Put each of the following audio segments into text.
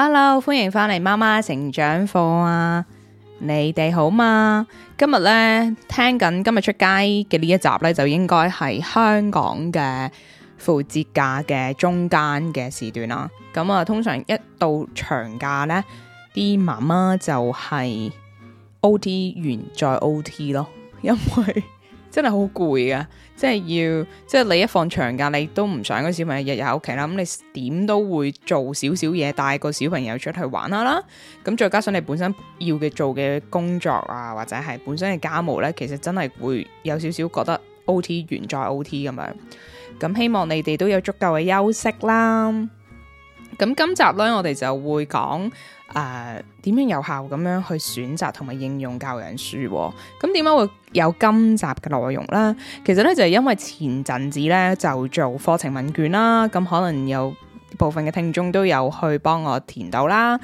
Hello，歡迎翻嚟媽媽成長課啊！你哋好嗎？今日呢，聽緊今日出街嘅呢一集呢，就應該係香港嘅父節假嘅中間嘅時段啦。咁啊，通常一到長假呢，啲媽媽就係 OT 完再 OT 咯，因為。 真係好攰啊！即係要，即係你一放長假，你都唔想個小朋友日日喺屋企啦。咁你點都會做少少嘢，帶個小朋友出去玩下啦。咁再加上你本身要嘅做嘅工作啊，或者係本身嘅家務呢，其實真係會有少少覺得 OT 完再 OT 咁樣。咁希望你哋都有足夠嘅休息啦。咁今集呢，我哋就會講。誒，uh, 點樣有效咁樣去選擇同埋應用教養書哦？咁點解會有今集嘅內容咧？其實咧就係因為前陣子咧就做課程問卷啦，咁可能有部分嘅聽眾都有去幫我填到啦。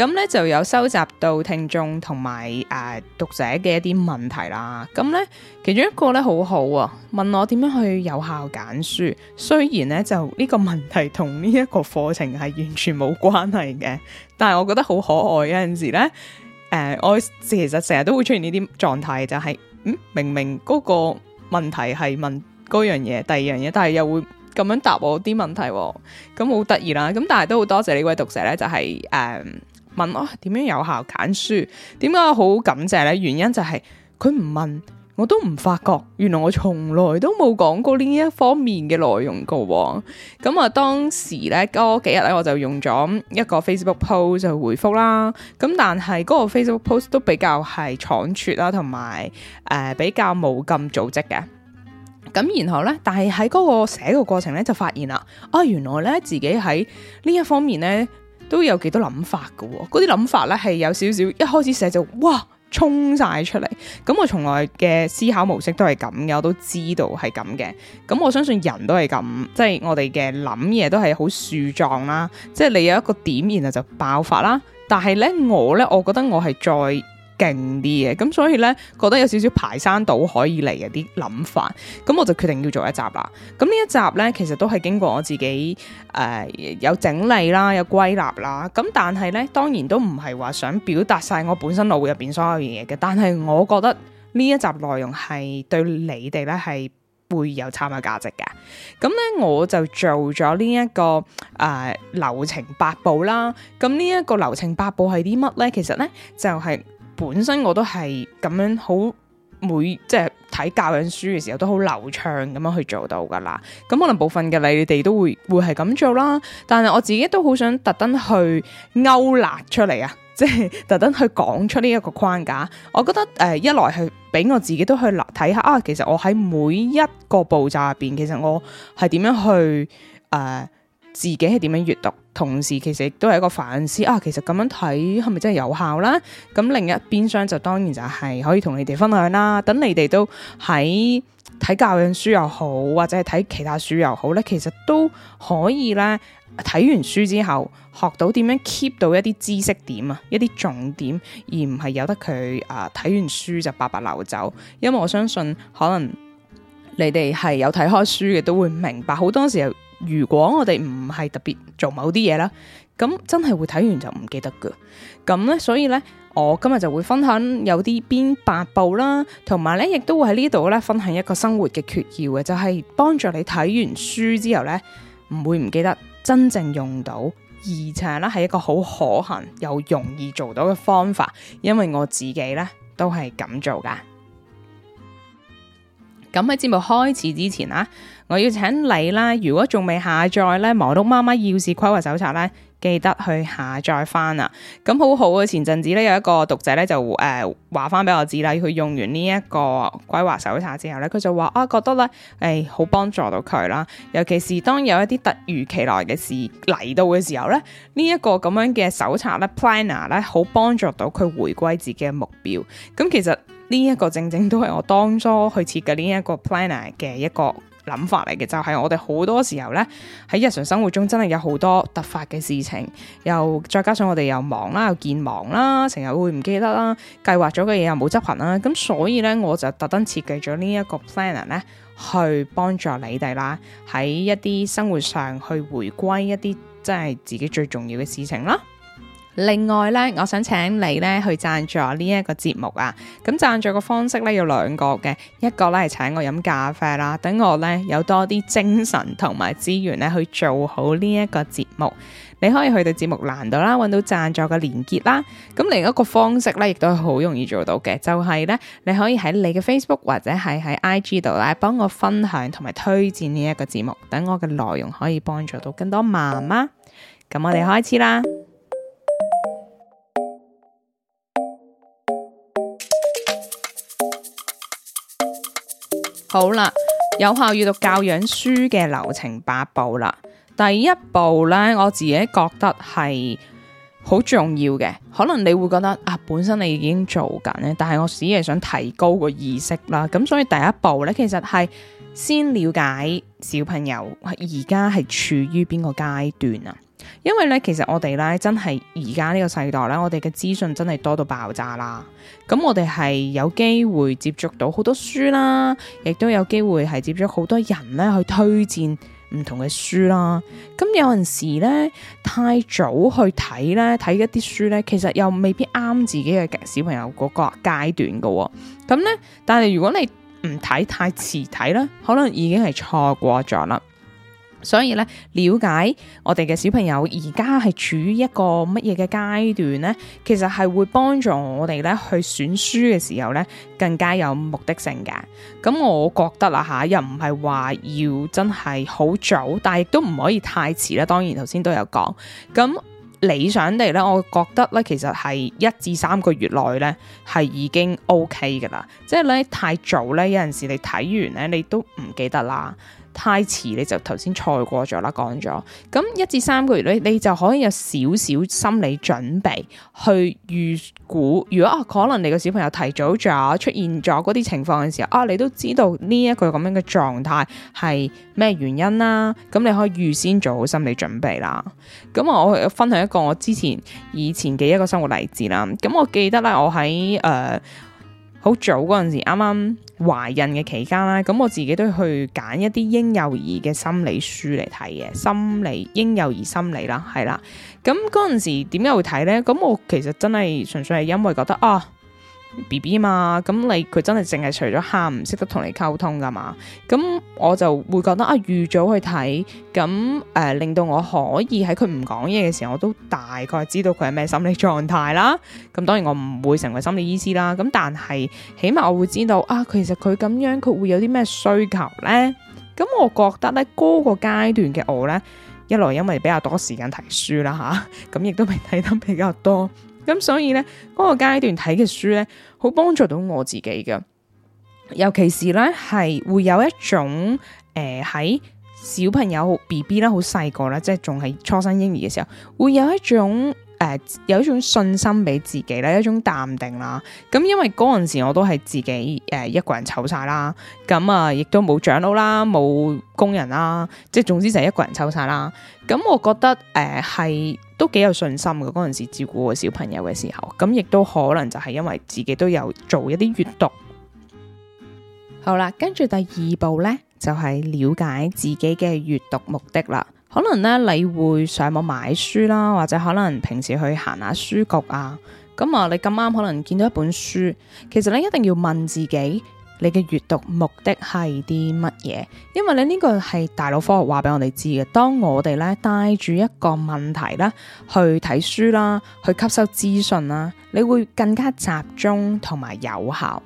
咁咧就有收集到聽眾同埋誒讀者嘅一啲問題啦。咁咧其中一個咧好好啊，問我點樣去有效揀書。雖然咧就呢個問題同呢一個課程係完全冇關係嘅，但係我覺得好可愛。有陣時咧，誒，我其實成日都會出現呢啲狀態，就係嗯明明嗰個問題係問嗰樣嘢、第二樣嘢，但係又會咁樣答我啲問題喎，咁好得意啦。咁但係都好多謝呢位讀者咧，就係誒。問我點樣有效揀書？點解好感謝咧？原因就係佢唔問我都唔發覺，原來我從來都冇講過呢一方面嘅內容過、哦。咁、嗯、啊，當時咧嗰、那個、幾日咧，我就用咗一個 Facebook post 就回覆啦。咁但係嗰個 Facebook post 都比較係倉促啦，同埋誒比較冇咁組織嘅。咁、嗯、然後咧，但係喺嗰個寫嘅過程咧，就發現啦，啊原來咧自己喺呢一方面咧。都有幾多諗法嘅喎、哦？嗰啲諗法咧，係有少少一開始寫就哇，衝晒出嚟。咁、嗯、我從來嘅思考模式都係咁嘅，我都知道係咁嘅。咁、嗯、我相信人都係咁，即係我哋嘅諗嘢都係好樹狀啦、啊，即係你有一個點，然後就爆發啦。但係呢，我呢，我覺得我係再。勁啲嘅，咁所以呢，覺得有少少排山倒海以嚟嘅啲諗法，咁我就決定要做一集啦。咁呢一集呢，其實都係經過我自己誒、呃、有整理啦，有歸納啦。咁但係呢，當然都唔係話想表達晒我本身腦入邊所有嘢嘅。但係我覺得呢一集內容係對你哋呢係會有參考價值嘅。咁呢，我就做咗呢一個誒、呃、流程八步啦。咁呢一個流程八步係啲乜呢？其實呢，就係、是。本身我都係咁樣，好每即係睇教養書嘅時候都好流暢咁樣去做到噶啦。咁可能部分嘅你哋都會會係咁做啦，但係我自己都好想特登去勾勒出嚟啊，即係特登去講出呢一個框架。我覺得誒、呃，一來係俾我自己都去睇下啊，其實我喺每一個步驟入邊，其實我係點樣去誒。呃自己係點樣閱讀，同時其實亦都係一個反思啊！其實咁樣睇係咪真係有效啦？咁另一邊廂就當然就係可以同你哋分享啦。等你哋都喺睇教養書又好，或者係睇其他書又好咧，其實都可以咧。睇完書之後，學到點樣 keep 到一啲知識點啊，一啲重點，而唔係由得佢啊睇完書就白白流走。因為我相信，可能你哋係有睇開書嘅，都會明白好多時候。如果我哋唔係特別做某啲嘢啦，咁真係會睇完就唔記得噶。咁咧，所以呢，我今日就會分享有啲邊八步啦，同埋呢亦都會喺呢度咧分享一個生活嘅訣竅嘅，就係幫助你睇完書之後呢，唔會唔記得，真正用到，而且呢係一個好可行又容易做到嘅方法，因為我自己呢都係咁做噶。咁喺節目開始之前啊，我要請你啦，如果仲未下載咧《忙碌媽媽要事規劃手冊》咧，記得去下載翻啦。咁好好啊，前陣子咧有一個讀者咧就誒話翻俾我知啦，佢用完呢一個規劃手冊之後咧，佢就話啊覺得咧誒好幫助到佢啦，尤其是當有一啲突如其來嘅事嚟到嘅時候咧，呢一個咁樣嘅手冊咧，planner 咧好幫助到佢回歸自己嘅目標。咁其實。呢一個正正都係我當初去設計呢一個 planner 嘅一個諗法嚟嘅，就係、是、我哋好多時候呢，喺日常生活中真係有好多突發嘅事情，又再加上我哋又忙啦，又健忘啦，成日會唔記得啦，計劃咗嘅嘢又冇執行啦，咁所以呢，我就特登設計咗呢一個 planner 呢，去幫助你哋啦，喺一啲生活上去回歸一啲真係自己最重要嘅事情啦。另外咧，我想請你咧去贊助呢一個節目啊！咁贊助個方式咧有兩個嘅，一個咧係請我飲咖啡啦，等我咧有多啲精神同埋資源咧去做好呢一個節目。你可以去到節目欄度啦，搵到贊助嘅連結啦。咁另一個方式咧，亦都係好容易做到嘅，就係咧你可以喺你嘅 Facebook 或者係喺 IG 度咧幫我分享同埋推薦呢一個節目，等我嘅內容可以幫助到更多媽媽。咁我哋開始啦。好啦，有效閱讀教養書嘅流程八步啦。第一步咧，我自己覺得係好重要嘅。可能你會覺得啊，本身你已經做緊咧，但係我只係想提高個意識啦。咁所以第一步咧，其實係先了解小朋友而家係處於邊個階段啊。因為咧，其實我哋咧真係而家呢個世代咧，我哋嘅資訊真係多到爆炸啦。咁我哋係有機會接觸到好多書啦，亦都有機會係接觸好多人咧去推薦唔同嘅書啦。咁有陣時咧，太早去睇咧，睇一啲書咧，其實又未必啱自己嘅小朋友嗰個階段㗎喎。咁咧，但係如果你唔睇，太遲睇咧，可能已經係錯過咗啦。所以咧，了解我哋嘅小朋友而家係處於一個乜嘢嘅階段咧，其實係會幫助我哋咧去選書嘅時候咧，更加有目的性嘅。咁我覺得啦嚇，又唔係話要真係好早，但係亦都唔可以太遲啦。當然頭先都有講，咁理想地咧，我覺得咧、啊嗯，其實係一至三個月內咧係已經 OK 㗎喇。即係咧太早咧，有陣時你睇完咧，你都唔記得啦。太遲你就頭先錯過咗啦，講咗，咁一至三個月咧，你就可以有少少心理準備去預估，如果啊可能你個小朋友提早咗出現咗嗰啲情況嘅時候啊，你都知道呢、這、一個咁樣嘅狀態係咩原因啦，咁你可以預先做好心理準備啦。咁我分享一個我之前以前嘅一個生活例子啦，咁我記得咧我喺誒。呃好早嗰陣時，啱啱懷孕嘅期間啦，咁我自己都去揀一啲嬰幼兒嘅心理書嚟睇嘅，心理嬰幼兒心理啦，係啦。咁嗰陣時點解會睇呢？咁我其實真係純粹係因為覺得啊。B B 嘛，咁你佢真係淨係除咗喊唔識得同你溝通噶嘛？咁我就會覺得啊，預早去睇，咁誒、呃、令到我可以喺佢唔講嘢嘅時候，我都大概知道佢係咩心理狀態啦。咁當然我唔會成為心理醫師啦，咁但係起碼我會知道啊，其實佢咁樣佢會有啲咩需求呢？咁我覺得呢嗰個階段嘅我呢，一來因為比較多時間睇書啦吓，咁、啊、亦都係睇得比較多。咁所以咧，嗰、嗰個階段睇嘅書咧，好幫助到我自己嘅，尤其是咧係會有一種誒喺、呃、小朋友 B B 啦，好細個啦，即係仲係初生嬰兒嘅時候，會有一種誒、呃、有一種信心俾自己啦，一種淡定啦。咁、嗯、因為嗰陣時我都係自己誒、呃、一個人湊晒啦，咁、嗯、啊、呃、亦都冇長老啦，冇工人啦，即係總之就係一個人湊晒啦。咁、嗯、我覺得誒係。呃都幾有信心嘅，嗰陣時照顧個小朋友嘅時候，咁亦都可能就係因為自己都有做一啲閱讀。好啦，跟住第二步呢，就係了解自己嘅閱讀目的啦。可能呢，你會上網買書啦，或者可能平時去行下書局啊。咁啊，你咁啱可能見到一本書，其實呢，一定要問自己。你嘅閱讀目的係啲乜嘢？因為咧呢、呢個係大腦科學話俾我哋知嘅。當我哋咧帶住一個問題咧去睇書啦，去吸收資訊啦，你會更加集中同埋有效。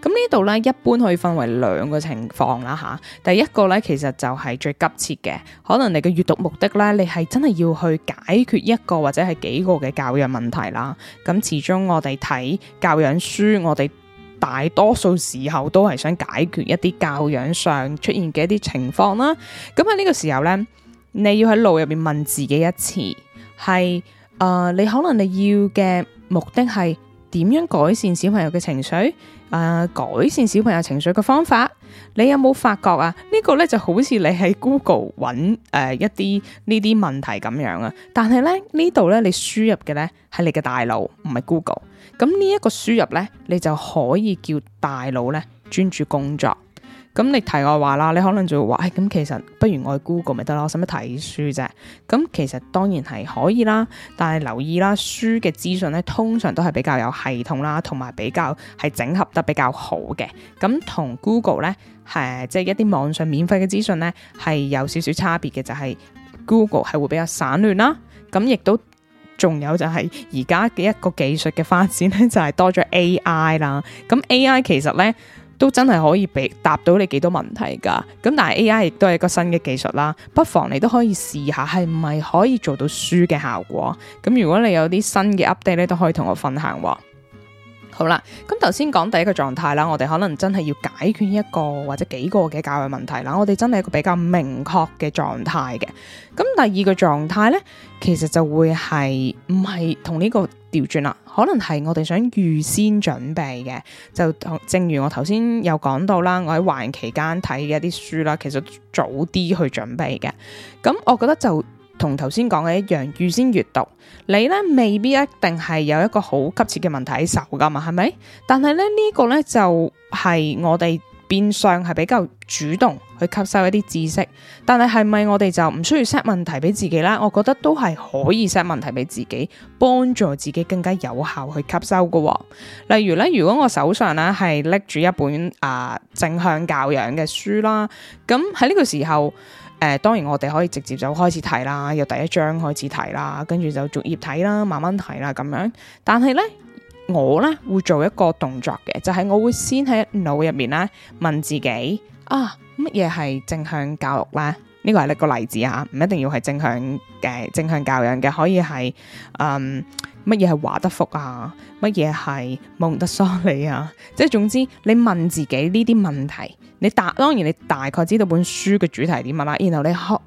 咁、嗯、呢度咧一般可以分為兩個情況啦吓。第一個咧其實就係最急切嘅，可能你嘅閱讀目的咧，你係真係要去解決一個或者係幾個嘅教養問題啦。咁、嗯、始終我哋睇教養書，我哋。大多數時候都係想解決一啲教養上出現嘅一啲情況啦，咁喺呢個時候呢，你要喺腦入邊問自己一次，係誒、呃，你可能你要嘅目的係。點樣改善小朋友嘅情緒？誒、呃，改善小朋友情緒嘅方法，你有冇發覺啊？呢、這個咧就好似你喺 Google 揾，誒、呃、一啲呢啲問題咁樣啊。但係咧，呢度咧，你輸入嘅咧係你嘅大腦，唔係 Google。咁呢一個輸入咧，你就可以叫大腦咧專注工作。咁你提我話啦，你可能就會話，誒、哎，咁其實不如我去 Google 咪得咯，使乜睇書啫？咁其實當然係可以啦，但係留意啦，書嘅資訊咧通常都係比較有系統啦，同埋比較係整合得比較好嘅。咁同 Google 咧，誒，即係一啲網上免費嘅資訊咧，係有少少差別嘅，就係 Google 係會比較散亂啦。咁亦都仲有就係而家嘅一個技術嘅發展咧，就係多咗 AI 啦。咁 AI 其實咧。都真係可以俾答到你幾多問題噶，咁但係 AI 亦都係一個新嘅技術啦，不妨你都可以試下係唔係可以做到書嘅效果，咁如果你有啲新嘅 update 咧，都可以同我分享喎。好啦，咁頭先講第一個狀態啦，我哋可能真係要解決一個或者幾個嘅教育問題啦，我哋真係一個比較明確嘅狀態嘅。咁第二個狀態呢，其實就會係唔係同呢個。調轉啦，可能係我哋想預先準備嘅，就正如我頭先有講到啦，我喺懷孕期間睇嘅一啲書啦，其實早啲去準備嘅，咁我覺得就同頭先講嘅一樣，預先閱讀，你咧未必一定係有一個好急切嘅問題喺手噶嘛，係咪？但係咧呢、呢個咧就係、是、我哋。變相係比較主動去吸收一啲知識，但係係咪我哋就唔需要 set 問題俾自己咧？我覺得都係可以 set 問題俾自己，幫助自己更加有效去吸收㗎。例如咧，如果我手上咧係拎住一本啊、呃、正向教養嘅書啦，咁喺呢個時候，誒、呃、當然我哋可以直接就開始睇啦，由第一章開始睇啦，跟住就逐頁睇啦，慢慢睇啦咁樣。但係咧。我咧，會做一個動作嘅，就係、是、我會先喺腦入面咧問自己啊，乜嘢係正向教育咧？呢、這個係一個例子吓、啊，唔一定要係正向嘅正向教養嘅，可以係嗯乜嘢係華德福啊，乜嘢係蒙特梭利啊，即係總之你問自己呢啲問題，你答，當然你大概知道本書嘅主題係點乜啦，然後你學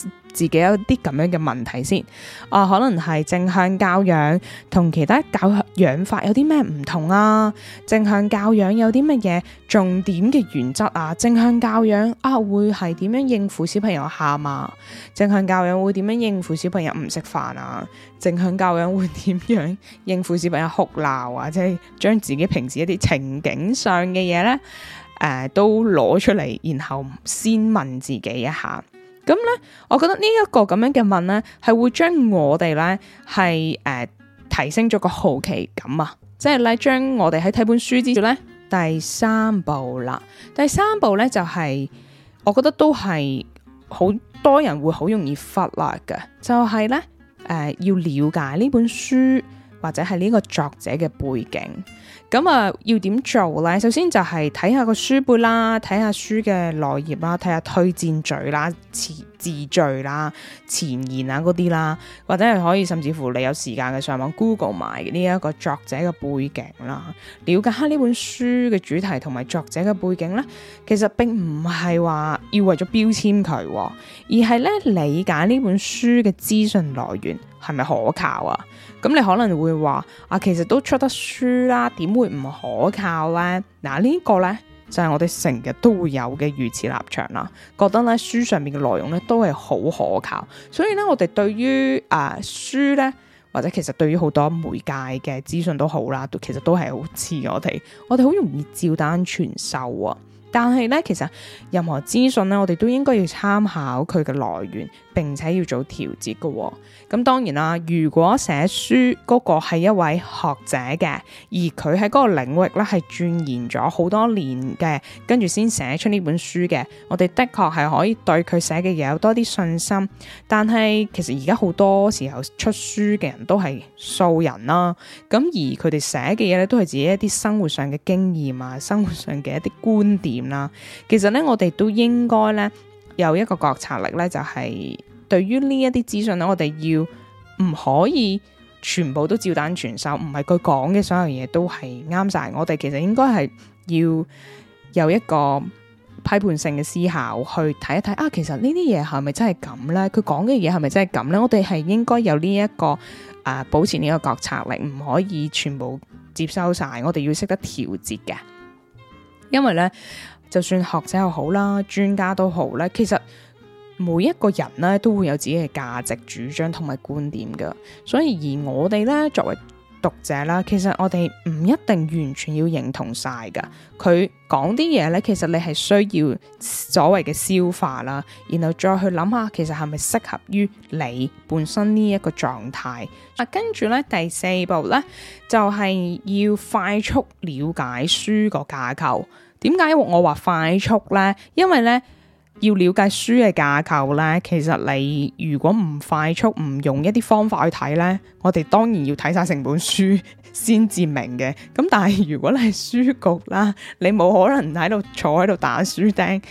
問。自己有啲咁樣嘅問題先，啊，可能係正向教養同其他教養法有啲咩唔同啊？正向教養有啲乜嘢重點嘅原則啊？正向教養啊，會係點樣應付小朋友喊啊？正向教養會點樣應付小朋友唔食飯啊？正向教養會點樣應付小朋友哭鬧啊？即係將自己平時一啲情景上嘅嘢呢誒、呃、都攞出嚟，然後先問自己一下。咁咧，我覺得這這呢一個咁樣嘅問咧，係會將我哋咧係誒提升咗個好奇感啊！即係咧，將我哋喺睇本書之前咧，第三步啦。第三步咧就係、是，我覺得都係好多人會好容易忽略嘅，就係咧誒要了解呢本書或者係呢個作者嘅背景。咁啊、嗯，要點做咧？首先就係睇下個書背啦，睇下書嘅內頁啦，睇下推薦序啦、詞字序啦、前言啊嗰啲啦，或者係可以甚至乎你有時間嘅上網 Google 埋呢一個作者嘅背景啦，了解下呢本書嘅主題同埋作者嘅背景咧。其實並唔係話要為咗標籤佢、哦，而係咧理解呢本書嘅資訊來源係咪可靠啊？咁你可能會話啊，其實都出得書啦，點會唔可靠呢？嗱、啊、呢、呢個呢，就係、是、我哋成日都會有嘅預設立場啦，覺得呢書上面嘅內容呢，都係好可靠，所以呢，我哋對於啊書呢，或者其實對於好多媒介嘅資訊都好啦，其實都係好似我哋，我哋好容易照單全收啊。但係咧，其實任何資訊咧，我哋都應該要參考佢嘅來源，並且要做調節嘅。咁、嗯、當然啦，如果寫書嗰、那個係一位學者嘅，而佢喺嗰個領域咧係鑽研咗好多年嘅，跟住先寫出呢本書嘅，我哋的確係可以對佢寫嘅嘢有多啲信心。但係其實而家好多時候出書嘅人都係素人啦、啊，咁、嗯、而佢哋寫嘅嘢咧都係自己一啲生活上嘅經驗啊，生活上嘅一啲觀點、啊。啦，其實咧，我哋都應該咧有一個覺察力咧，就係、是、對於呢一啲資訊咧，我哋要唔可以全部都照單全收，唔係佢講嘅所有嘢都係啱晒。我哋其實應該係要有一個批判性嘅思考去看看，去睇一睇啊，其實是是呢啲嘢係咪真係咁咧？佢講嘅嘢係咪真係咁咧？我哋係應該有呢、這、一個啊、呃，保持呢個覺察力，唔可以全部接收晒。我哋要識得調節嘅，因為咧。就算學者又好啦，專家都好咧，其實每一個人咧都會有自己嘅價值主張同埋觀點噶。所以而我哋咧作為讀者啦，其實我哋唔一定完全要認同晒噶。佢講啲嘢咧，其實你係需要所謂嘅消化啦，然後再去諗下，其實係咪適合於你本身呢一個狀態。啊，跟住咧第四步咧就係要快速了解書個架構。點解我話快速呢？因為呢，要了解書嘅架構呢。其實你如果唔快速，唔用一啲方法去睇呢，我哋當然要睇晒成本書先至明嘅。咁但係，如果你係書局啦，你冇可能喺度坐喺度打書釘。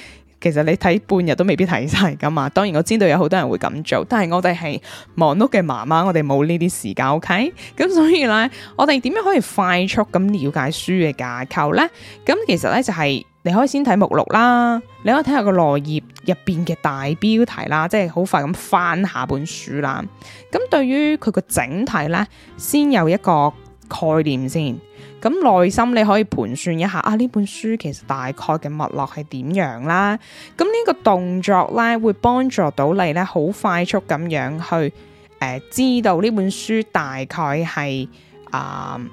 其實你睇半日都未必睇晒噶嘛，當然我知道有好多人會咁做，但係我哋係忙碌嘅媽媽，我哋冇呢啲時間，OK？咁所以咧，我哋點樣可以快速咁了解書嘅架構咧？咁其實咧就係你可以先睇目錄啦，你可以睇下個內頁入邊嘅大標題啦，即係好快咁翻下本書啦。咁對於佢個整體咧，先有一個。概念先，咁內心你可以盤算一下啊，呢本書其實大概嘅脈絡係點樣啦，咁呢個動作咧會幫助到你咧，好快速咁樣去誒、呃、知道呢本書大概係啊。呃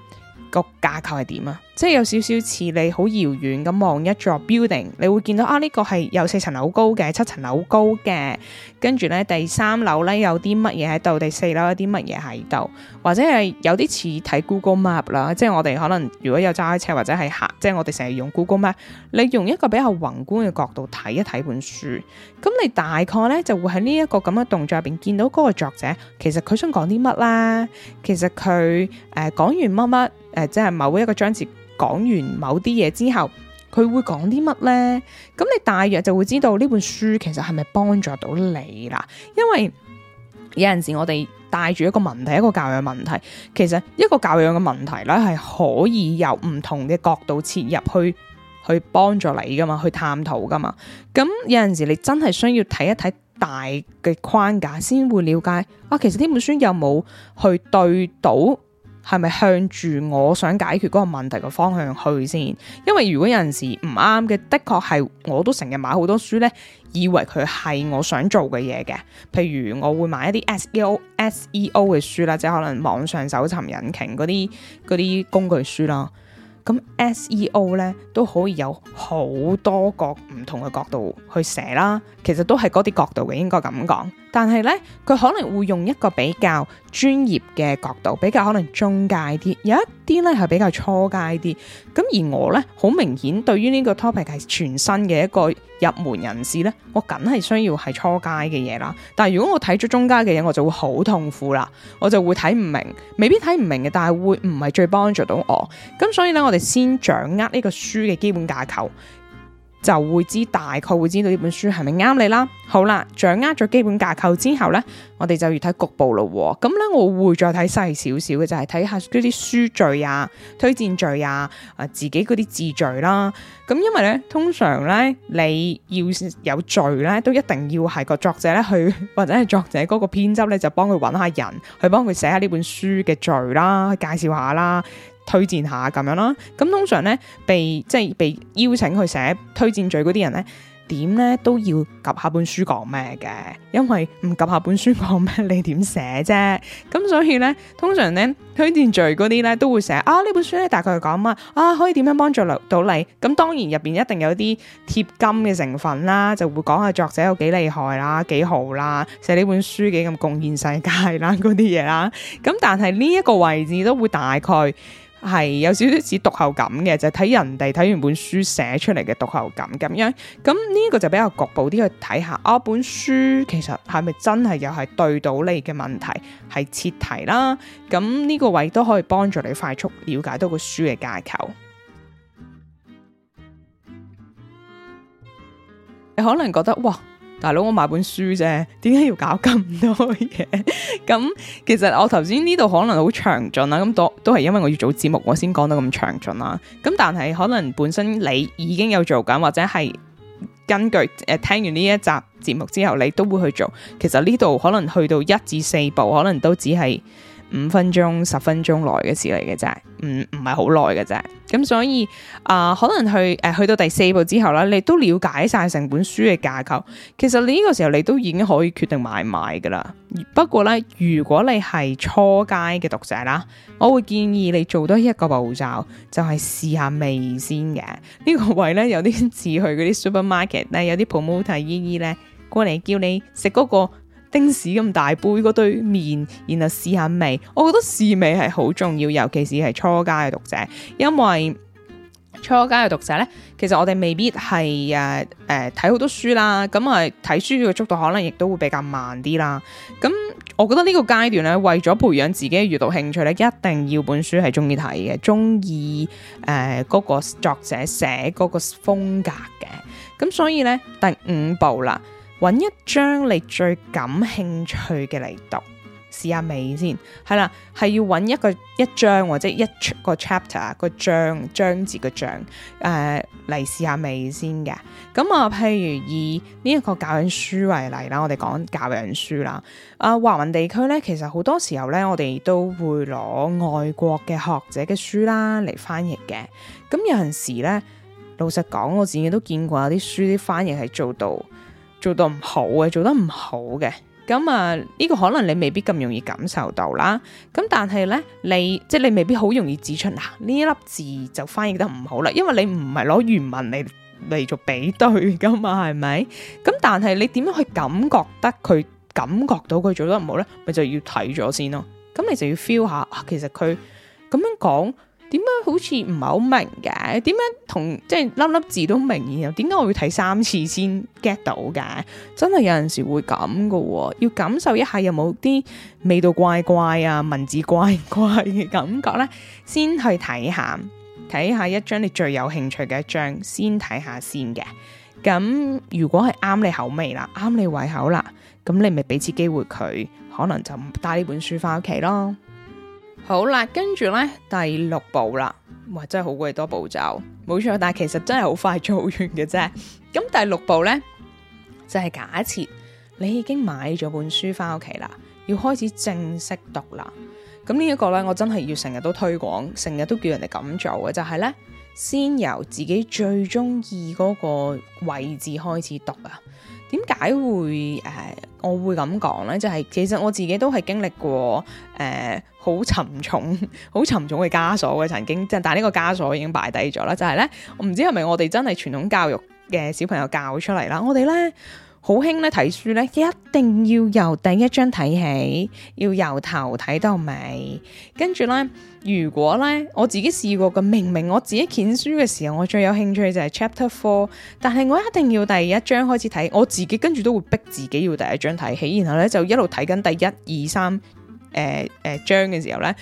個架構係點啊？即係有少少似你好遙遠咁望一座 building，你會見到啊，呢個係有四層樓高嘅，七層樓高嘅，跟住呢，第三樓呢，有啲乜嘢喺度，第四樓有啲乜嘢喺度，或者係有啲似睇 Google Map 啦。即係我哋可能如果有揸車或者係行，即係我哋成日用 Google Map，你用一個比較宏觀嘅角度睇一睇本書，咁你大概呢，就會喺呢一個咁嘅動作入邊見到嗰個作者，其實佢想講啲乜啦？其實佢誒講完乜乜。誒、呃，即係某一個章節講完某啲嘢之後，佢會講啲乜呢？咁你大約就會知道呢本書其實係咪幫助到你啦。因為有陣時我哋帶住一個問題，一個教養問題，其實一個教養嘅問題咧係可以由唔同嘅角度切入去去幫助你噶嘛，去探討噶嘛。咁有陣時你真係需要睇一睇大嘅框架先會了解啊。其實呢本書有冇去對到？係咪向住我想解決嗰個問題嘅方向去先？因為如果有陣時唔啱嘅，的確係我都成日買好多書呢，以為佢係我想做嘅嘢嘅。譬如我會買一啲 SEO、SEO 嘅書啦，即係可能網上搜尋引擎嗰啲嗰啲工具書啦。咁 SEO 呢，都可以有好多個唔同嘅角度去寫啦，其實都係嗰啲角度嘅，應該咁講。但係呢，佢可能會用一個比較專業嘅角度，比較可能中階啲，有一啲呢係比較初階啲。咁而我呢，好明顯對於呢個 topic 係全新嘅一個入門人士呢，我梗係需要係初階嘅嘢啦。但係如果我睇咗中階嘅嘢，我就會好痛苦啦，我就會睇唔明，未必睇唔明嘅，但係會唔係最幫助到我。咁所以呢，我哋先掌握呢個書嘅基本架構。就會知，大概會知道呢本書係咪啱你啦。好啦，掌握咗基本架構之後呢，我哋就要睇局部咯，喔。咁、嗯、呢，我會再睇細少少嘅，就係睇下嗰啲書序啊、推薦序啊、啊、呃、自己嗰啲字序啦。咁、嗯、因為呢，通常呢，你要有序呢，都一定要係個作者咧，去或者係作者嗰個編輯咧，就幫佢揾下人去幫佢寫下呢本書嘅序啦，介紹下啦。推薦下咁樣啦，咁通常呢，被即係被邀請去寫推薦序嗰啲人呢，點呢都要及下本書講咩嘅，因為唔及下本書講咩，你點寫啫？咁所以呢，通常呢，推薦序嗰啲呢，都會寫啊呢本書呢，大概係講乜啊，可以點樣幫助到你？咁、啊、當然入邊一定有啲貼金嘅成分啦，就會講下作者有幾厲害啦、幾好啦，寫呢本書幾咁貢獻世界啦嗰啲嘢啦。咁但係呢一個位置都會大概。係有少少似讀後感嘅，就係、是、睇人哋睇完本書寫出嚟嘅讀後感咁樣。咁呢個就比較局部啲去睇下，啊本書其實係咪真係又係對到你嘅問題，係切題啦。咁呢個位都可以幫助你快速了解到個書嘅架構。你可能覺得哇～大佬，我買本書啫，點解要搞咁多嘢？咁、 嗯、其實我頭先呢度可能好詳盡啦，咁、嗯、多都係因為我要做節目，我先講得咁詳盡啦。咁、嗯、但係可能本身你已經有做緊，或者係根據誒、呃、聽完呢一集節目之後，你都會去做。其實呢度可能去到一至四步，可能都只係。五分鐘、十分鐘內嘅事嚟嘅啫，唔唔係好耐嘅啫。咁所以啊、呃，可能去誒、呃、去到第四步之後啦，你都了解晒成本書嘅架構。其實你呢個時候你都已經可以決定買唔買㗎喇。不過咧，如果你係初階嘅讀者啦，我會建議你做多一個步驟，就係、是、試下味先嘅。呢、這個位咧有啲似去嗰啲 supermarket 咧，有啲 promote 姨姨咧，過嚟叫你食嗰、那個。丁士咁大杯嗰堆麵，然後試下味。我覺得試味係好重要，尤其是係初階嘅讀者，因為初階嘅讀者咧，其實我哋未必係誒誒睇好多書啦，咁啊睇書嘅速度可能亦都會比較慢啲啦。咁、嗯、我覺得呢個階段咧，為咗培養自己嘅閱讀興趣咧，一定要本書係中意睇嘅，中意誒嗰個作者寫嗰個風格嘅。咁、嗯、所以咧，第五步啦。揾一張你最感興趣嘅嚟讀，試下味先。係啦，係要揾一個一章或者一個 chapter 個章章節嘅章，誒嚟、呃、試下味先嘅。咁、嗯、啊、呃，譬如以呢一個教養書為例啦，我哋講教養書啦。啊、呃，華文地區呢，其實好多時候呢，我哋都會攞外國嘅學者嘅書啦嚟翻譯嘅。咁、嗯、有陣時呢，老實講，我自己都見過有啲書啲翻譯係做到。做到唔好嘅，做得唔好嘅，咁、嗯、啊呢、呢個可能你未必咁容易感受到啦。咁、嗯、但係呢，你即係你未必好容易指出嗱呢、啊、一粒字就翻譯得唔好啦，因為你唔係攞原文嚟嚟做比對噶嘛，係咪？咁、嗯、但係你點樣去感覺得佢感覺到佢做得唔好呢？咪就要睇咗先咯。咁、嗯、你就要 feel 下、啊，其實佢咁樣講。點解好似唔係好明嘅？點解同，即係粒粒字都明，然後點解我會睇三次先 get 到嘅？真係有陣時會咁噶、哦，要感受一下有冇啲味道怪怪啊、文字怪怪嘅感覺呢？先去睇下睇下一張你最有興趣嘅一張，先睇下先嘅。咁、嗯、如果係啱你口味啦，啱你胃口啦，咁、嗯、你咪俾次機會佢，可能就唔帶呢本書翻屋企咯。好啦，跟住咧第六步啦，哇真係好鬼多步驟，冇錯，但係其實真係好快做完嘅啫。咁、嗯、第六步呢，就係、是、假設你已經買咗本書返屋企啦，要開始正式讀啦。咁呢一個呢，我真係要成日都推廣，成日都叫人哋咁做嘅，就係、是、呢：先由自己最中意嗰個位置開始讀啊。點解會誒、呃、我會咁講呢，就係、是、其實我自己都係經歷過誒。呃好沉重、好沉重嘅枷鎖嘅，曾經即係，但係呢個枷鎖已經擺低咗啦。就係呢，我唔知係咪我哋真係傳統教育嘅小朋友教出嚟啦？我哋呢，好興咧睇書呢，一定要由第一章睇起，要由頭睇到尾。跟住呢，如果呢，我自己試過嘅，明明我自己揀書嘅時候，我最有興趣就係 chapter four，但係我一定要第一章開始睇，我自己跟住都會逼自己要第一章睇起，然後呢，就一路睇緊第一、二、三。誒誒、呃呃、章嘅時候咧，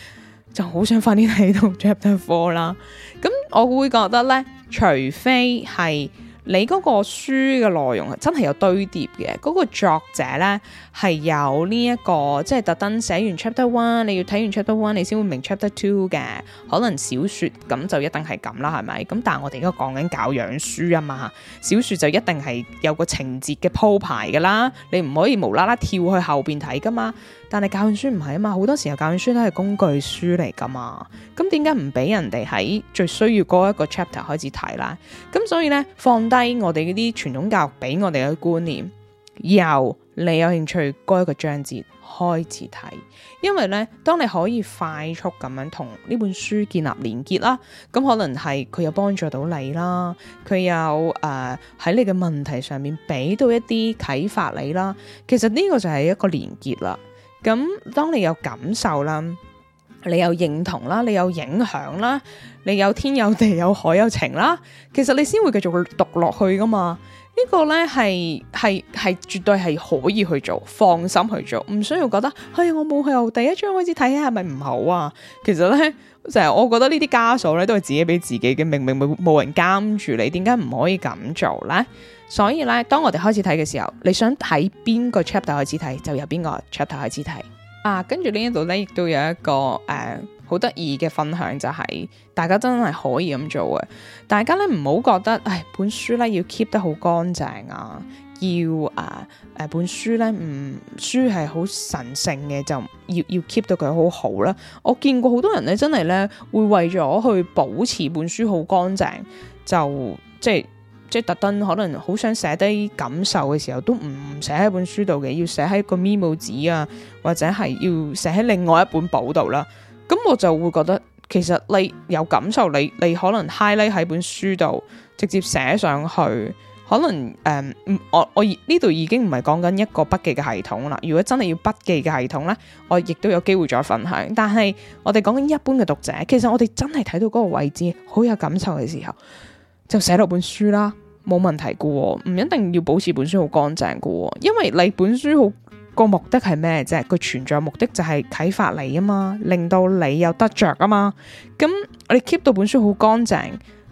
就好想快啲睇到 chapter four 啦。咁我會覺得咧，除非係你嗰個書嘅內容係真係有堆疊嘅，嗰、嗰個作者咧係有呢、呢、一個，即係特登寫完 chapter one，你要睇完 chapter one，你先會明 chapter two 嘅。可能小說咁就一定係咁啦，係咪？咁但係我哋而家講緊教養書啊嘛，小說就一定係有個情節嘅鋪排噶啦，你唔可以無啦啦跳去後邊睇噶嘛。但係教養書唔係啊嘛，好多時候教養書都係工具書嚟噶嘛。咁點解唔俾人哋喺最需要嗰一個 chapter 開始睇啦？咁所以呢，放低我哋嗰啲傳統教育俾我哋嘅觀念，由你有興趣嗰一個章節開始睇，因為呢，當你可以快速咁樣同呢本書建立連結啦，咁可能係佢有幫助到你啦，佢有誒喺、呃、你嘅問題上面俾到一啲啟發你啦。其實呢個就係一個連結啦。咁，當你有感受啦，你有認同啦，你有影響啦，你有天有地有海有情啦，其實你先會繼續去讀落去噶嘛？這個、呢個咧係係係絕對係可以去做，放心去做，唔需要覺得係、哎、我冇去，第一章開始睇係咪唔好啊？其實咧。我覺得呢啲枷鎖咧，都係自己俾自己嘅，明明冇冇人監住你，點解唔可以咁做呢？所以咧，當我哋開始睇嘅時候，你想睇邊個 chapter 開始睇，就由邊個 chapter 開始睇啊！跟住呢一度咧，亦都有一個誒好得意嘅分享，就係大家真係可以咁做嘅。大家咧唔好覺得，唉，本書咧要 keep 得好乾淨啊！要啊誒、啊、本書咧，唔、嗯，書係好神聖嘅，就要要 keep 到佢好好啦。我見過好多人咧，真係咧會為咗去保持本書好乾淨，就即係即係特登可能好想寫低感受嘅時候，都唔寫喺本書度嘅，要寫喺個 memo 紙啊，或者係要寫喺另外一本簿度啦。咁我就會覺得其實你有感受你，你你可能 highlight 喺本書度，直接寫上去。可能誒、嗯，我我呢度已經唔係講緊一個筆記嘅系統啦。如果真係要筆記嘅系統呢，我亦都有機會再分享。但係我哋講緊一般嘅讀者，其實我哋真係睇到嗰個位置好有感受嘅時候，就寫到本書啦，冇問題㗎喎，唔一定要保持本書好乾淨㗎喎，因為你本書好個目的係咩啫？佢存在目的就係啟發你啊嘛，令到你有得着啊嘛。咁我哋 keep 到本書好乾淨。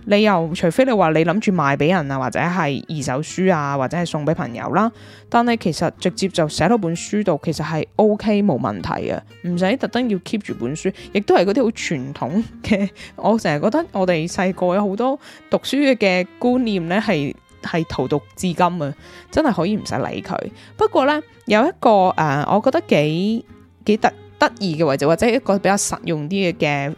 你又除非你話你諗住賣俾人啊，或者係二手書啊，或者係送俾朋友啦。但係其實直接就寫到本書度，其實係 OK 冇問題嘅，唔使特登要 keep 住本書，亦都係嗰啲好傳統嘅。我成日覺得我哋細個有好多讀書嘅觀念咧，係係荼毒至今啊，真係可以唔使理佢。不過咧有一個誒、呃，我覺得幾幾特。得意嘅或者或者一個比較實用啲嘅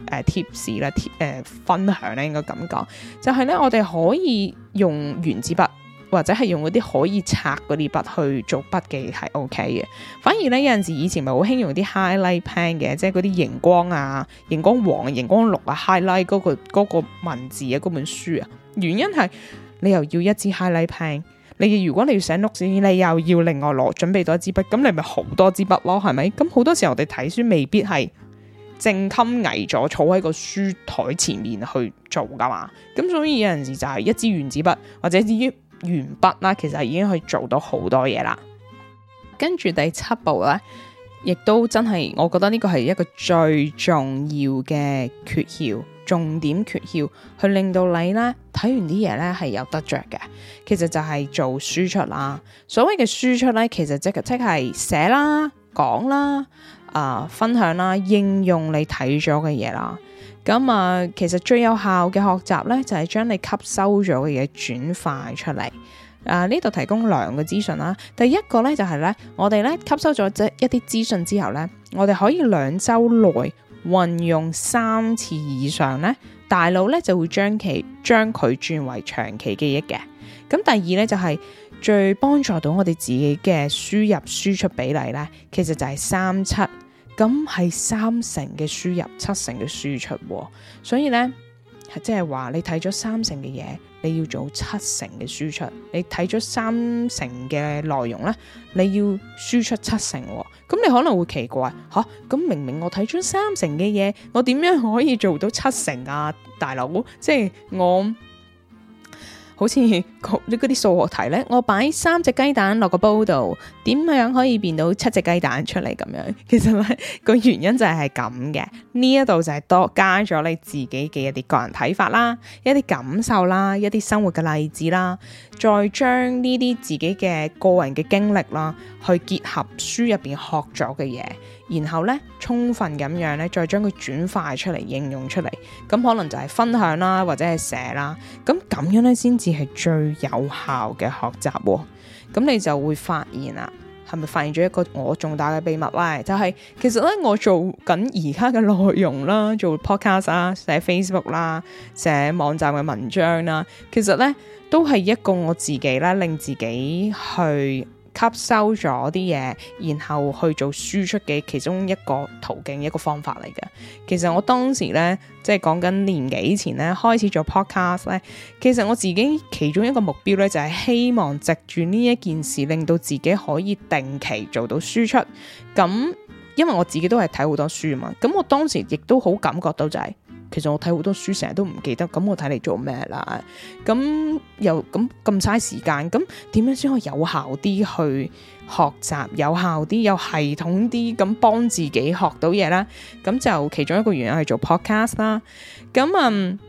嘅誒貼士啦，貼、呃呃、分享咧應該咁講，就係、係、咧我哋可以用原子筆或者係用嗰啲可以拆嗰啲筆去做筆記係 OK 嘅。反而咧有陣時以前咪好興用啲 highlight pen 嘅，即係嗰啲熒光啊、熒光黃啊、熒光綠啊 highlight 嗰、嗰、嗰、個嗰個文字啊嗰本書啊，原因係你又要一支 highlight pen。你如果你要寫錄字，你又要另外攞準備多一支筆，咁你咪好多支筆咯，係咪？咁好多時候我哋睇書未必係正襟危坐坐喺個書枱前面去做噶嘛，咁所以有陣時就係一支原子筆或者一支鉛筆啦，其實已經可以做到好多嘢啦。跟住第七步咧，亦都真係，我覺得呢個係一個最重要嘅訣竅。重點訣竅，去令到你咧睇完啲嘢咧係有得着嘅。其實就係做輸出啦。所謂嘅輸出咧，其實即係即係寫啦、講啦、啊、呃、分享啦、應用你睇咗嘅嘢啦。咁、嗯、啊、呃，其實最有效嘅學習咧，就係、是、將你吸收咗嘅嘢轉化出嚟。啊、呃，呢度提供兩個資訊啦。第一個咧就係、是、咧，我哋咧吸收咗一啲資訊之後咧，我哋可以兩周內。運用三次以上呢，大腦呢就會將其將佢轉為長期記憶嘅。咁、嗯、第二呢，就係、是、最幫助到我哋自己嘅輸入輸出比例呢，其實就係三七，咁係三成嘅輸入，七成嘅輸出，啊。所以呢，即係話你睇咗三成嘅嘢。你要做七成嘅輸出，你睇咗三成嘅內容咧，你要輸出七成，哦，咁你可能會奇怪吓，咁，啊，明明我睇咗三成嘅嘢，我點樣可以做到七成啊，大佬，即係我。好似嗰啲嗰啲數學題呢，我擺三隻雞蛋落個煲度，點樣可以變到七隻雞蛋出嚟咁樣？其實呢個原因就係咁嘅，呢一度就係多加咗你自己嘅一啲個人睇法啦，一啲感受啦，一啲生活嘅例子啦，再將呢啲自己嘅個人嘅經歷啦，去結合書入邊學咗嘅嘢。然後咧，充分咁樣咧，再將佢轉化出嚟，應用出嚟，咁可能就係分享啦，或者係寫啦，咁咁樣咧，先至係最有效嘅學習喎。咁你就會發現啦，係咪發現咗一個我重大嘅秘密咧？就係其實咧，我做緊而家嘅內容啦，做 podcast 啦，寫 Facebook 啦，寫網站嘅文章啦，其實咧都係一個我自己咧，令自己去，吸收咗啲嘢，然後去做輸出嘅其中一個途徑、一個方法嚟嘅。其實我當時呢，即係講緊年幾前呢，開始做 Podcast 呢，其實我自己其中一個目標呢，就係、是、希望藉住呢一件事，令到自己可以定期做到輸出。咁因為我自己都係睇好多書嘛，咁我當時亦都好感覺到就係、是。其實我睇好多書，成日都唔記得，咁我睇嚟做咩啦？咁又咁咁嘥時間，咁點樣先可以有效啲去學習，有效啲，有系統啲咁幫自己學到嘢啦？咁就其中一個原因係做 podcast 啦。咁嗯。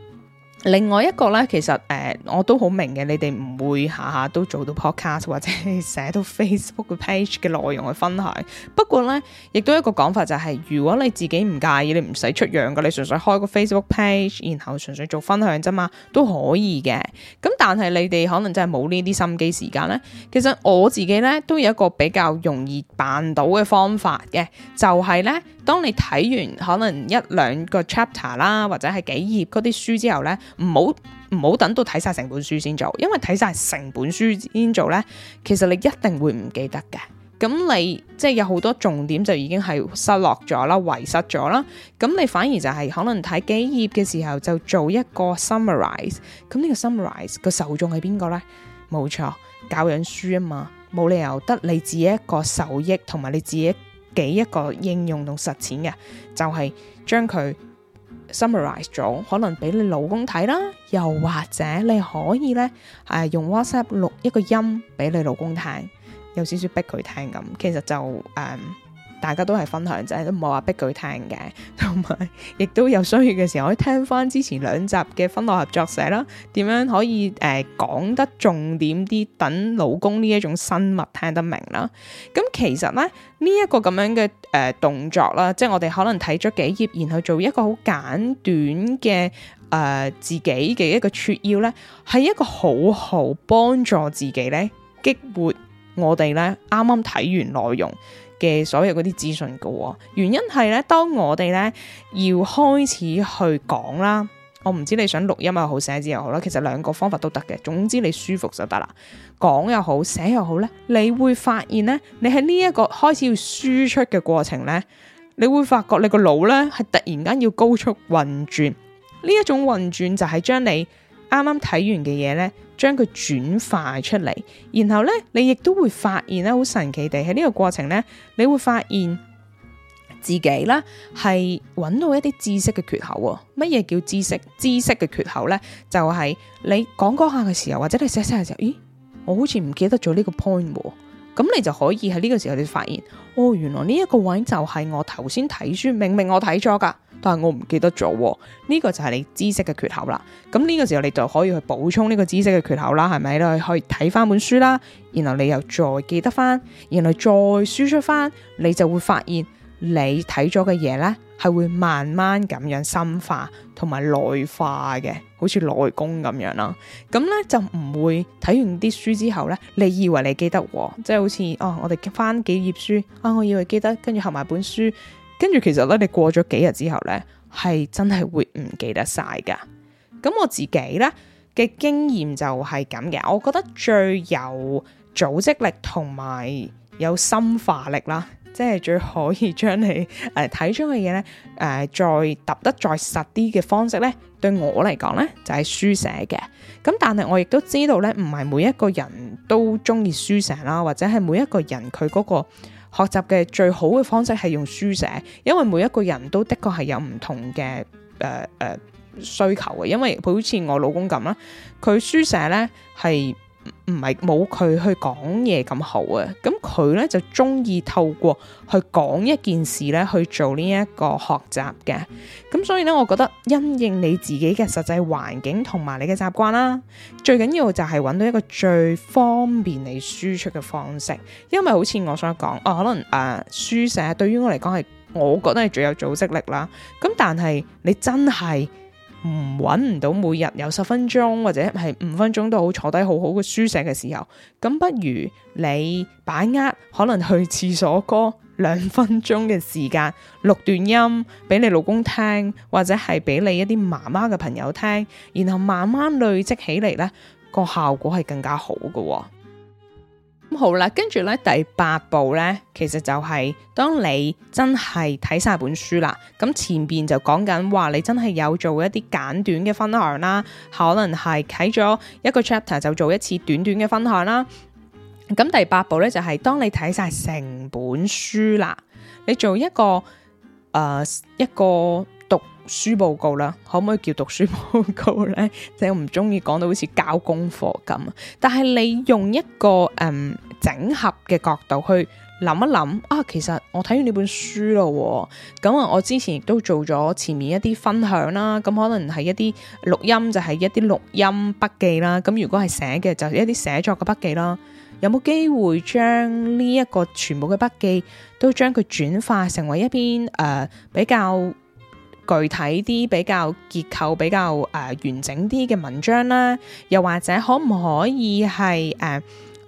另外一個咧，其實誒、呃、我都好明嘅，你哋唔會下下都做到 Podcast 或者寫到 Facebook 嘅 page 嘅內容去分享。不過咧，亦都一個講法就係、是，如果你自己唔介意，你唔使出樣噶，你純粹開個 Facebook page，然後純粹做分享啫嘛，都可以嘅。咁但係你哋可能真係冇呢啲心機時間咧。其實我自己咧都有一個比較容易辦到嘅方法嘅，就係、是、咧。當你睇完可能一兩個 chapter 啦，或者係幾頁嗰啲書之後呢，唔好唔好等到睇晒成本書先做，因為睇晒成本書先做呢，其實你一定會唔記得嘅。咁你即係有好多重點就已經係失落咗啦，遺失咗啦。咁你反而就係可能睇幾頁嘅時候就做一個 summarize。咁呢個 summarize 個受眾係邊個呢？冇錯，教養書啊嘛，冇理由得你自己一個受益同埋你自己。幾一個應用同實踐嘅，就係、是、將佢 summarise 咗，可能俾你老公睇啦，又或者你可以呢，誒、啊、用 WhatsApp 錄一個音俾你老公聽，有少少逼佢聽咁，其實就誒。嗯大家都係分享，真係都唔係話逼佢聽嘅，同埋亦都有需要嘅時候可以聽翻之前兩集嘅分類合作社啦，點樣可以誒、呃、講得重點啲，等老公呢一種生物聽得明啦。咁、嗯、其實咧呢一、這個咁樣嘅誒、呃、動作啦，即係我哋可能睇咗幾頁，然後做一個好簡短嘅誒、呃、自己嘅一個撮要咧，係一個好好幫助自己咧激活我哋咧啱啱睇完內容。嘅所有嗰啲資訊嘅，原因係咧，當我哋咧要開始去講啦，我唔知你想錄音又好寫字又好啦，其實兩個方法都得嘅，總之你舒服就得啦，講又好寫又好咧，你會發現咧，你喺呢一個開始要輸出嘅過程咧，你會發覺你個腦咧係突然間要高速運轉，運轉剛剛呢一種運轉就係將你啱啱睇完嘅嘢咧。將佢轉化出嚟，然後呢，你亦都會發現咧，好神奇地喺呢個過程呢，你會發現自己啦，係揾到一啲知識嘅缺口喎。乜嘢叫知識？知識嘅缺口呢，就係、是、你講講下嘅時候，或者你寫寫嘅時候，咦，我好似唔記得咗呢個 point 喎、啊。咁你就可以喺呢個時候你發現，哦，原來呢一個位就係我頭先睇書明明我睇錯噶。但係我唔記得咗，呢、這個就係你知識嘅缺口啦。咁、這、呢個時候你就可以去補充呢個知識嘅缺口啦，係咪？你可以睇翻本書啦，然後你又再記得翻，然後再輸出翻，你就會發現你睇咗嘅嘢呢係會慢慢咁樣深化同埋內化嘅，好似內功咁樣啦。咁呢就唔會睇完啲書之後呢，你以為你記得，即係好似哦，我哋翻幾頁書啊，我以為記得，跟住合埋本書。跟住，其實咧，你過咗幾日之後呢，係真係會唔記得晒噶。咁我自己呢嘅經驗就係咁嘅。我覺得最有組織力同埋有深化力啦，即係最可以將你誒睇到嘅嘢呢，誒、呃、再揼得再實啲嘅方式呢，對我嚟講呢，就係、是、書寫嘅。咁但係我亦都知道呢，唔係每一個人都中意書寫啦，或者係每一個人佢嗰、那個。學習嘅最好嘅方式係用書寫，因為每一個人都的確係有唔同嘅誒誒需求嘅，因為好似我老公咁啦，佢書寫呢係。唔唔係冇佢去講嘢咁好啊，咁佢呢就中意透過去講一件事呢去做呢一個學習嘅。咁所以呢，我覺得因應你自己嘅實際環境同埋你嘅習慣啦，最緊要就係揾到一個最方便你輸出嘅方式，因為好似我想講，啊可能誒、啊、書寫對於我嚟講係我覺得係最有組織力啦，咁但係你真係唔搵唔到每日有十分鐘或者係五分鐘都好，坐低好好嘅書寫嘅時候，咁不如你把握可能去廁所嗰兩分鐘嘅時間錄段音俾你老公聽，或者係俾你一啲媽媽嘅朋友聽，然後慢慢累積起嚟呢個效果係更加好㗎喎。咁、嗯、好啦，跟住咧第八步咧，其實就係當你真係睇晒本書啦，咁前邊就講緊話你真係有做一啲簡短嘅分享啦，可能係睇咗一個 chapter 就做一次短短嘅分享啦。咁第八步咧就係、是、當你睇晒成本書啦，你做一個誒、呃、一個。書報告啦，可唔可以叫讀書報告呢？即係我唔中意講到好似交功課咁。但係你用一個嗯整合嘅角度去諗一諗啊，其實我睇完呢本書咯，哦。咁啊，我之前亦都做咗前面一啲分享啦。咁可能係一啲錄音，就係、是、一啲錄音筆記啦。咁如果係寫嘅，就係、一啲寫作嘅筆記啦。有冇機會將呢一個全部嘅筆記，都將佢轉化成為一篇誒、呃、比較？具體啲比較結構比較誒、呃、完整啲嘅文章啦，又或者可唔可以係誒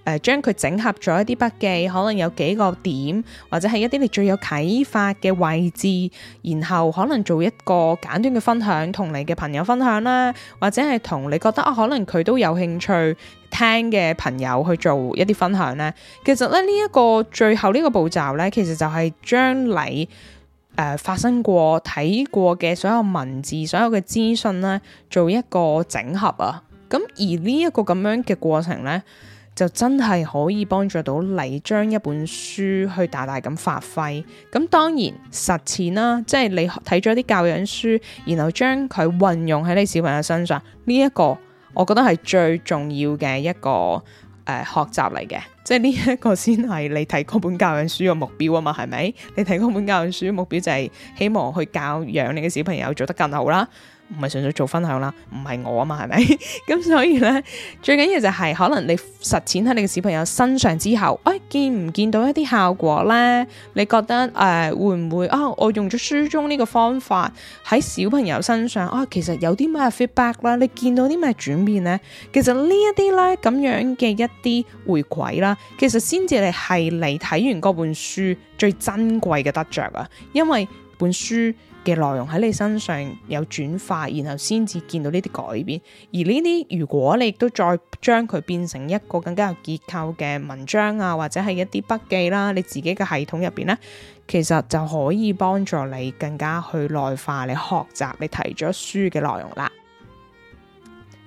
誒將佢整合咗一啲筆記，可能有幾個點，或者係一啲你最有啟發嘅位置，然後可能做一個簡短嘅分享，同你嘅朋友分享啦，或者係同你覺得哦，可能佢都有興趣聽嘅朋友去做一啲分享呢。其實咧呢一個最後呢個步驟呢，其實就係將你，誒、呃，發生過睇過嘅所有文字，所有嘅資訊呢，做一個整合啊。咁、嗯、而呢一個咁樣嘅過程呢，就真係可以幫助到你將一本書去大大咁發揮。咁、嗯、當然實踐啦、啊，即係你睇咗啲教養書，然後將佢運用喺你小朋友身上，呢、這、一個我覺得係最重要嘅一個誒、呃、學習嚟嘅。即係呢一個先係你睇嗰本教養書嘅目標啊嘛，係咪？你睇嗰本教養書目標就係希望去教養你嘅小朋友做得更好啦。唔係純粹做分享啦，唔係我啊嘛，係咪？咁 所以呢，最緊要就係可能你實踐喺你嘅小朋友身上之後，哎，見唔見到一啲效果呢？你覺得誒、呃，會唔會啊、哦？我用咗書中呢個方法喺小朋友身上啊、哦，其實有啲咩 feedback 啦？你見到啲咩轉變呢？其實呢一啲呢，咁樣嘅一啲回饋啦，其實先至係你睇完嗰本書最珍貴嘅得着啊！因為本書。嘅內容喺你身上有轉化，然後先至見到呢啲改變。而呢啲如果你都再將佢變成一個更加有結構嘅文章啊，或者係一啲筆記啦，你自己嘅系統入邊呢，其實就可以幫助你更加去內化你學習你睇咗書嘅內容啦。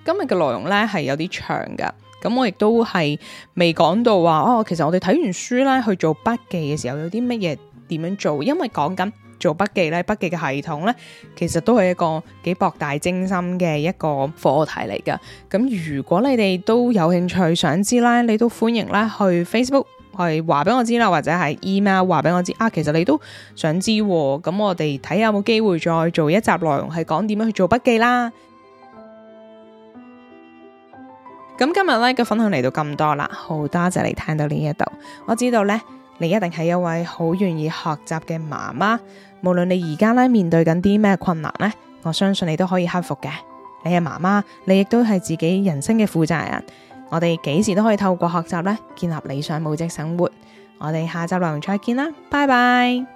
今日嘅內容呢係有啲長噶，咁我亦都係未講到話哦，其實我哋睇完書呢去做筆記嘅時候有啲乜嘢點樣做，因為講緊。做筆記呢，筆記嘅系統呢，其實都係一個幾博大精深嘅一個課題嚟㗎。咁如果你哋都有興趣想知啦，你都歡迎啦去 Facebook 去話俾我知啦，或者係 email 話俾我知啊。其實你都想知，咁我哋睇下有冇機會再做一集內容係講點樣去做筆記啦。咁 今日呢，嘅分享嚟到咁多啦，好，多謝你聽到呢一度。我知道呢，你一定係一位好願意學習嘅媽媽。無論你而家面對緊啲咩困難，我相信你都可以克服嘅。你係媽媽，你亦都係自己人生嘅負責人。我哋幾時都可以透過學習咧，建立理想母職生活。我哋下集內容再見啦，拜拜。